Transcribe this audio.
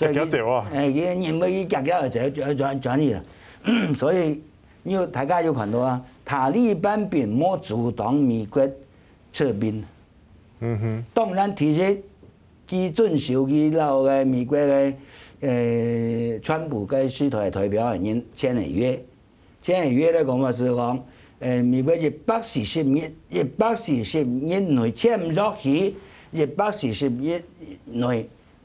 即係幾隻喎？誒，佢認為佢夾夾所以要大家要看到啊！塔利班並冇阻擋美國撤兵。嗯哼。當然，其實基準守佢老的美國嘅誒川普嘅書台代表人簽約，簽簽約咧講話是講呃，美國一百四十五億，一百四十五億內簽唔落去，一百四十億內。